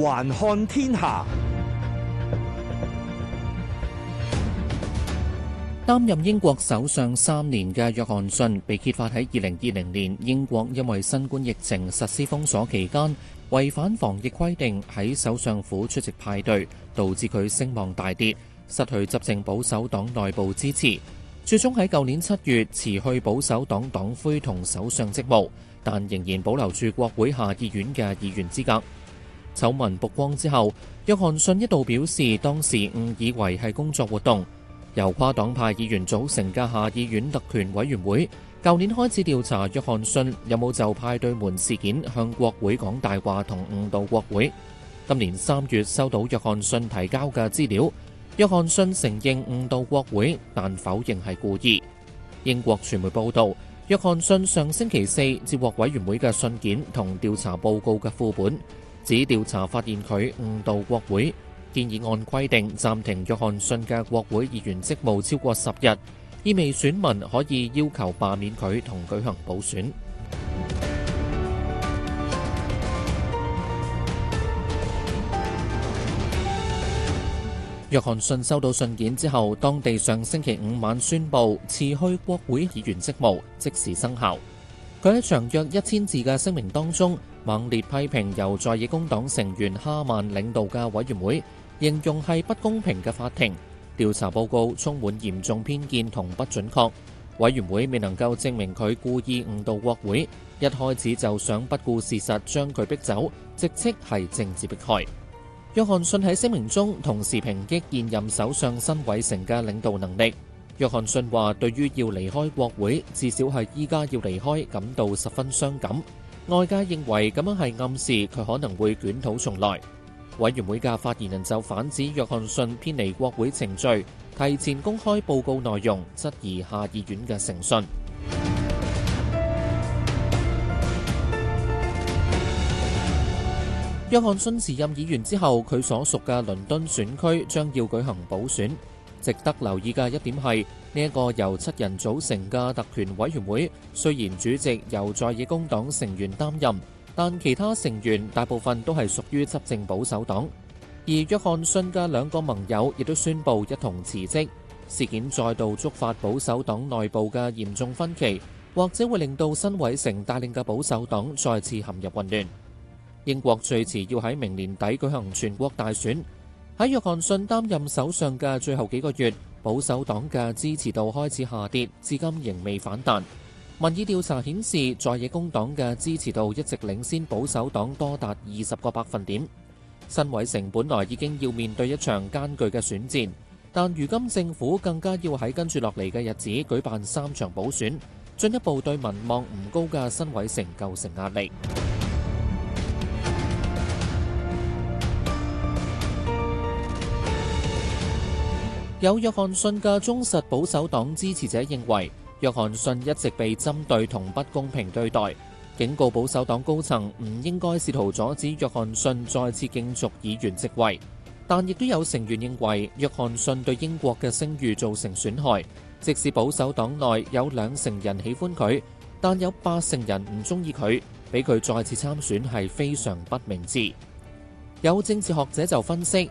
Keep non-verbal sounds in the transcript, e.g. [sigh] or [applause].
環看天下。擔任英國首相三年嘅約翰遜，被揭發喺二零二零年英國因為新冠疫情實施封鎖期間，違反防疫規定喺首相府出席派對，導致佢聲望大跌，失去執政保守黨內部支持，最終喺舊年七月辭去保守黨黨魁同首相職務，但仍然保留住國會下議院嘅議員資格。醜聞曝光之後，約翰遜一度表示當時誤以為係工作活動。由跨黨派議員組成嘅下議院特權委員會，舊年開始調查約翰遜有冇就派對門事件向國會講大話同誤導國會。今年三月收到約翰遜提交嘅資料，約翰遜承認誤導國會，但否認係故意。英國傳媒報道，約翰遜上星期四接獲委員會嘅信件同調查報告嘅副本。指調查發現佢誤導國會，建議按規定暫停約翰遜嘅國會議員職務超過十日，意味選民可以要求罷免佢同舉行補選。 [music] 約翰遜收到信件之後，當地上星期五晚宣布辭去國會議員職務，即時生效。佢喺長約一千字嘅聲明當中，猛烈批評由在野工黨成員哈曼領導嘅委員會，形容係不公平嘅法庭，調查報告充滿嚴重偏見同不準確。委員會未能夠證明佢故意誤導國會，一開始就想不顧事實將佢逼走，直斥係政治迫害。約翰遜喺聲明中同時抨擊現任首相辛偉誠嘅領導能力。約翰遜話，對於要離開國會，至少係依家要離開，感到十分傷感。外界認為咁樣係暗示佢可能會捲土重來。委員會嘅發言人就反指約翰遜偏離國會程序，提前公開報告內容，質疑下議院嘅誠信。 [music] 約翰遜辭任議員之後，佢所屬嘅倫敦選區將要舉行補選。值得留意嘅一點係，呢一個由七人組成嘅特權委員會，雖然主席由在野工黨成員擔任，但其他成員大部分都係屬於執政保守黨。而約翰遜嘅兩個盟友亦都宣布一同辭職。事件再度觸發保守黨內部嘅嚴重分歧，或者會令到辛偉誠帶領嘅保守黨再次陷入混亂。英國最遲要喺明年底舉行全國大選。喺約翰遜擔任首相嘅最後幾個月，保守黨嘅支持度開始下跌，至今仍未反彈。民意調查顯示，在野工黨嘅支持度一直領先保守黨多達二十個百分點。辛偉誠本來已經要面對一場艱鉅嘅選戰，但如今政府更加要喺跟住落嚟嘅日子舉辦三場補選，進一步對民望唔高嘅辛偉誠構成壓力。有約翰遜嘅忠實保守黨支持者認為，約翰遜一直被針對同不公平對待，警告保守黨高層唔應該試圖阻止約翰遜再次競逐議員職位。但亦都有成員認為，約翰遜對英國嘅聲譽造成損害。即使保守黨內有兩成人喜歡佢，但有八成人唔鍾意佢，俾佢再次參選係非常不明智。有政治學者就分析。